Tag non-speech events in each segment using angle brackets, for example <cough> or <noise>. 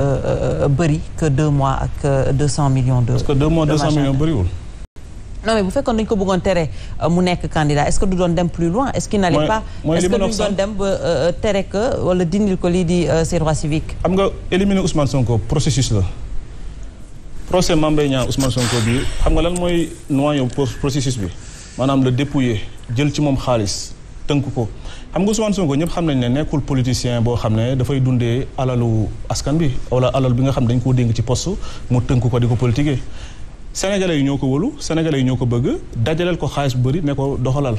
Euh, euh, bëri que deux mois ak euh, deux cent millions de. parce que deux mois deux bu fekkoon dañu ko bëggoon tere mu nekk candidat est-ce que du doon dem plus loin. est-ce qu'il n'allait pas est-ce que duñ doon dem ba tere que wala dindil ko lii di ses droits civiques. xam nga éliminer Ousmane Sonko processus la. procès Mame Mbaye Niang Sonko bi xam nga lan mooy noyau processus bi maanaam le dépouiller jël ci moom xaalis. tënk ko xam nga Ousmane Sonko ñëpp xam nañ ne nekkul politicien boo xam ne dafay dundee alalu askan bi wala alal bi nga xam ne dañ koo dénk ci poste mu tënk ko di ko politiquer sénégalais yi ñoo ko wóolu sénégalais yi ñoo ko bëgg dajaleel ko xaalis bu bëri ne ko doxalal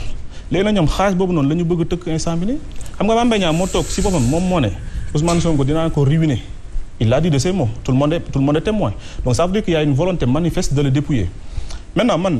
léegi nag ñoom xaalis boobu noonu la ñu bëgg tëkk instant bi ni xam nga Mame Mbaye moo toog si boppam moom moo ne Ousmane Sonko dinaa ko ruiner il l'a dit de ses mots tout monde témoin donc a une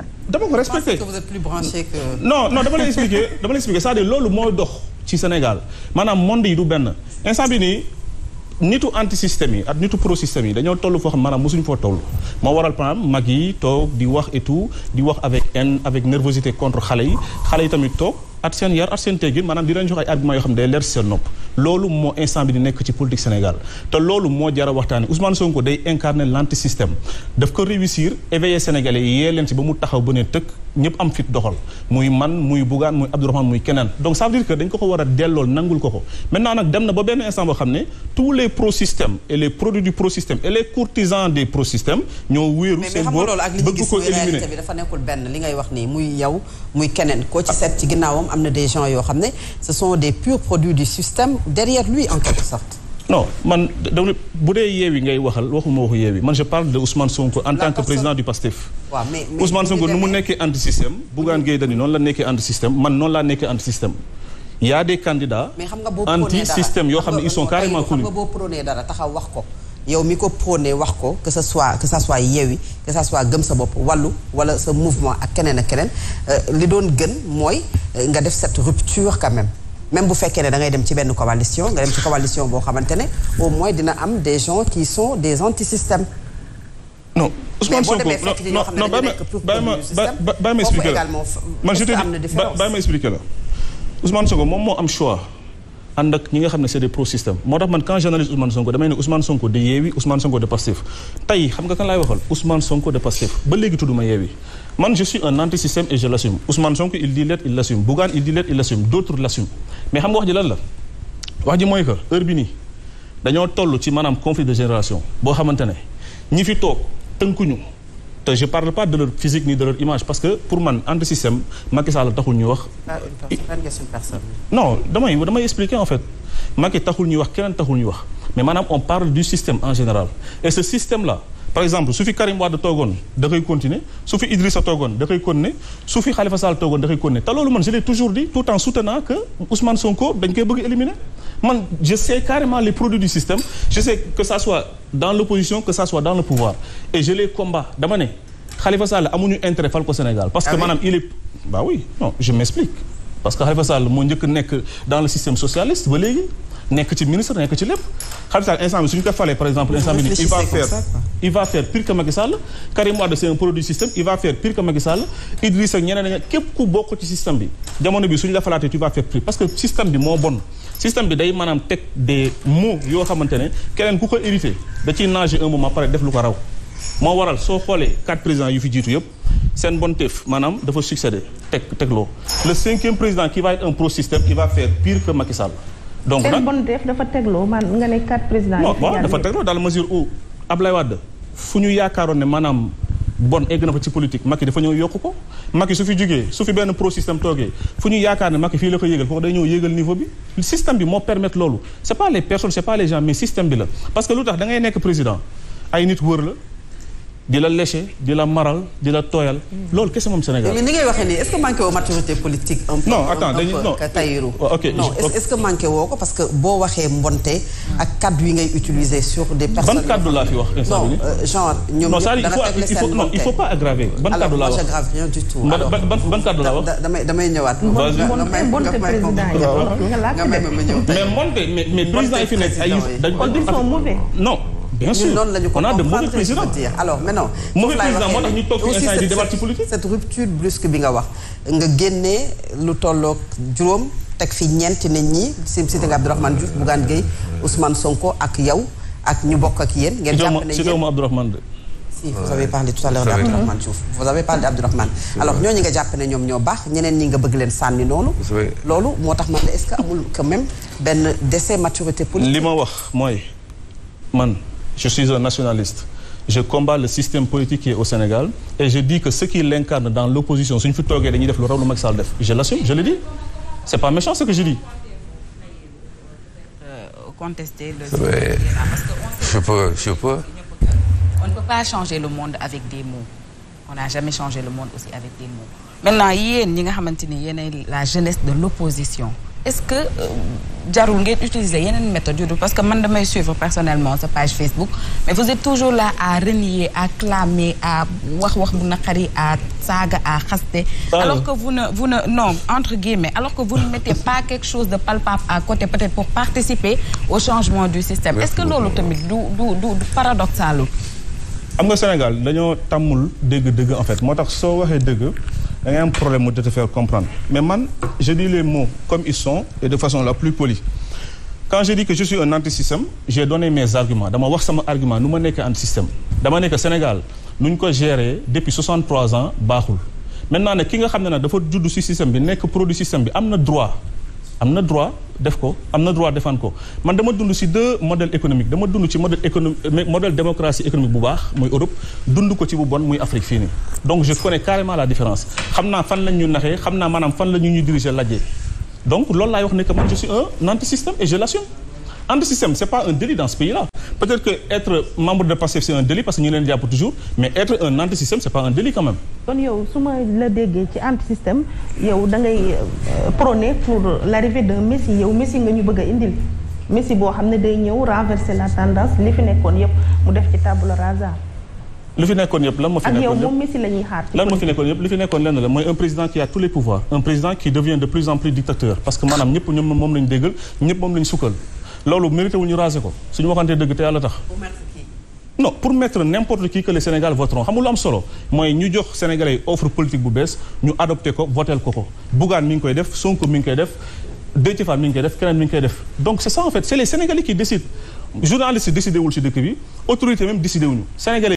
dama ko respecté que vous êtes plus dama lay expliquer <laughs> dama lay expliquer cest à loolu mooy dox ci Sénégal maanaam monde yi du benn instant bi nii nitu anti système yi ak nitu pro système yi dañoo toll foo xam maanaam mosuñu foo toll moo waral par mag yi toog di wax et di wax avec haine avec nervosité contre xale yi xale yi tamit toog. at seen yar at seen teggin maanaam di leen jox ay argument yoo xam ne day leer seen nopp loolu moo instant bi di nekk ci politique Sénégal te loolu moo jara waxtaane Ousmane Sonko day incarner l'anti système daf ko réussir éveiller Sénégalais yi yee leen si ba mu taxaw ba ne tëkk ñëpp am fit doxal muy man muy Bougane muy Abdourahmane muy keneen donc ça veut dire que dañ ko ko war a dellool nangul ko ko maintenant nag dem na ba benn instant boo xam ne tous les pro-systèmes et les produits du pro-système et les courtisans des ko éliminer dafa nekkul benn li ngay wax nii muy yow muy keneen koo ah. seet ci ginnaawam am na des gens yoo xam ne ce sont des purs produits du système derrière lui en quelque sorte. non man donc bu dee Yewwi ngay waxal waxuma waxu Yewwi man je parle de Ousmane Sonko en tant que président du PASTEF. waaw mais Ousmane Sonko nu mu nekkee anti système. Bougane Gueye Dany la nekkee anti système man noon laa nekkee anti système. y a des candidats anti système yoo xam ne ils sont carrément connus. dara taxaw wax ko. yow mi ko prôné wax ko que ce soit que ça soit Yewwi que ça soit gëm sa bopp wàllu wala sa mouvement ak keneen ak keneen euh, li doon gën mooy euh, nga def cette rupture quand même même bu fekkee ne da ngay dem ci benn coalition nga dem ci coalition boo xamante ne au moins dina am des gens qui sont des antisystèmes non Ousmane Sonko non non bàyyi ma bàyyi ma expliquer la man je te dis bàyyi ma expliquer la Ousmane Sonko moom moo am choix ànd ak ñi nga xam ne c'est des pro système moo tax man quand j'analyse Ousmane Sonko damay ne Ousmane Sonko de Yewwi Ousmane Sonko de Pastef tey xam nga kan laay waxal Ousmane Sonko de Pastef ba léegi tudduma Yewwi man je suis anti-système et je l'assume Ousmane Sonko il dit l'être il l'assume Bougane il dit l'être il l'assume d'autres l'assument mais xam nga wax ji lan la wax ji mooy que heure bi nii dañoo toll ci maanaam conflit de génération boo xamante ne ñi fi toog tënkuñu te je parle pas de leur physique ni de leur image parce que pour man anti système Macky Sall taxul ñuy wax. non damay damay expliquer en fait Macky taxul ñuy wax keneen taxul ñuy wax mais maanaam on parle du système en général et ce système là. par exemple su fi Karim Wade toogoon da koy continuer su fi Idrissa toogoon da koy continuer su fi Khalifa Sall toogoon da koy continuer te loolu man je toujours dit tout en soutenant que Ousmane Sonko man je sais carrément les produits du système je sais que ça soit dans l'opposition que ça soit dans le pouvoir et je les combats dama ne Khalifa Sall amuñu intérêt fal ko Sénégal parce que ah maanaam il est bah oui non je m'explique parce que Khalifa Sall moo njëkk nekk dans le système socialiste ba léegi nekk ci ministre nekk ci lépp Khalifa Sall instant bi suñu ko falee par exemple instant bi il va faire pire que Macky Sall il va faire pire que Macky Sall parce que système bi moo bon système bi day maanaam teg des mots yoo xamante ne keneen ku ko hérité da ciy nager un moment pare def lu ko raw moo waral soo xoolee quatre présidents yu fi jiitu yëpp seen bonteef maanaam dafa succédé teg tegloo le cinquième président qui va être un pro système qui va faire pire que Macky Sall. donc nag seen dafa tegloo man nga ne quatre présidents. dafa tegloo dans la mesure où Ablaye Wade fu ñu yaakaaroon ne maanaam. bon egg na fa ci politique Macky dafa ñëw yokk ko Macky su fi jógee su fi benn pro système toogee fu ñu yaakaar ne Macky fii la ko yéegal foofu day ñëw yéegal niveau bi système bi moo permettre loolu c'est pas les personnes c'est pas les gens mais système bi la parce que lu tax da nekk président ay nit wër la di la léché di la maral di la tooyal. loolu kese moom Sénégal. mais ni ngay waxee nii est que manqué woo maturité politique. un peu non attends dañuy non oh, ok est-ce que manqué woo parce que boo waxee mbonte. ak kaddu yi ngay utiliser sur des personnes. ban kaddu laa fi wax instant bii non euh, genre ñoom ñëpp dana fekk mbonte non il pas aggraver. ban kaddu laa wax alors moi j'aggrave tout. ban ban ban kaddu wax. damay damay ñëwaat. mbonte may mbonte mais mais président yi fi nekk ay. ils sont bien sûr ko on a de mauvais présidents dire alors maintenant bi nga wax nga génnee lu tolloog juróom teg fi ñeenti nit ñi sim cité nga Abdourahmane Diouf Bougane Gueye Ousmane Sonko ak yow ak ñu bokk ak yéen ngeen jàpp ne yéen Abdourahmane si vous avez parlé tout à l'heure d'Abdourahmane Diouf vous avez parlé d'Abdourahmane alors ñooñu nga jàpp ne ñoom ñoo baax ñeneen ñi nga bëgg leen sànni noonu loolu moo tax man la est-ce que amul quand même benn décès maturité politique li ma wax mooy man Je suis un nationaliste. Je combats le système politique qui est au Sénégal et je dis que ceux qui l'incarnent dans l'opposition suñu fi toogee dañuy def lu je l'assume le dis c'est pas méchant ce que je dis. Euh, contester le. Oui. parce que on le monde avec des mots on n'a jamais changé le monde aussi avec des mots maintenant yéen ñi nga xamante ni yéenay la jeunesse de l'opposition est-ce que euh, jarul ngeen utiliser yeneen méthode yu parce que man damay suivre personnellement sa page Facebook mais vous êtes toujours là à renier à clamer à wax wax bu naqari à saaga à xaste ah alors que vous ne non entre guillemets alors que vous ne mettez pas quelque chose de palpable à côté peut-être pour participer au changement du système est-ce que loolu tamit du du du paradoxalu am nga Sénégal dañoo tamul dégg dëgg en fait moo tax soo waxee dëgg da ngay am problème de te faire comprendre mais man je dis les comme ils sont et de façon la plus polie quand je dis que je suis un anti-système j'ai donné mes arguments dama wax sama argument nu ma nekk anti-système dama nekk Sénégal nu ñu ko gérer depuis 63 ans baaxul maintenant nag ki nga xam ne nag dafa judd ci système bi nekk produit système bi am na droit am na droit def ko am na droit défendre ko man dama dund ci deux modèles économiques dama dund ci modèle économique modèle démocratie économique bu baax muy Europe dund ko ci bu bon muy Afrique fii nii donc je connais carrément la différence xam naa fan lañ ñu naxee xam naa maanaam fan la ñu ñu diriger lajjee donc loolu laay wax ne que man je suis un anti-système et je anti-système c'est pas un délit dans ce pays-là peut que être membre de Pastef que ñu leen jàpp toujours mais être un anti-système c'est pas un délit quand même. kon yow su ma la déggee ci anti-système yow da ngay euh, pour l'arrivée d'un messie yow messie nga ñu bëgg indil messie boo xam ne day ñëw renverser la tendance li fi nekkoon yépp mu def ci table rasa. li fi nekkoon yëpp lan moo fi nekkoon yëpp li fi nekkoon lenn la mooy un président en plus dictateur parce que maanaam ñëpp ñoom loolu mérité wu ñu raser ko suñu waxantee dëgg te yàlla tax. non pour mettre n'importe qui que les Sénégal voteront xam am solo mooy ñu jox sénégalais yi offre politique bu bees ñu adopté ko votel ko ko Bougane mi ngi koy def Sonko mi ngi koy def Déthié Fall mi ngi koy def keneen mi koy def donc c'est ça en fait c'est les Sénégalais qui décident journalistes yi décidé ci dëkk bi autorité même décidé wuñu Sénégalais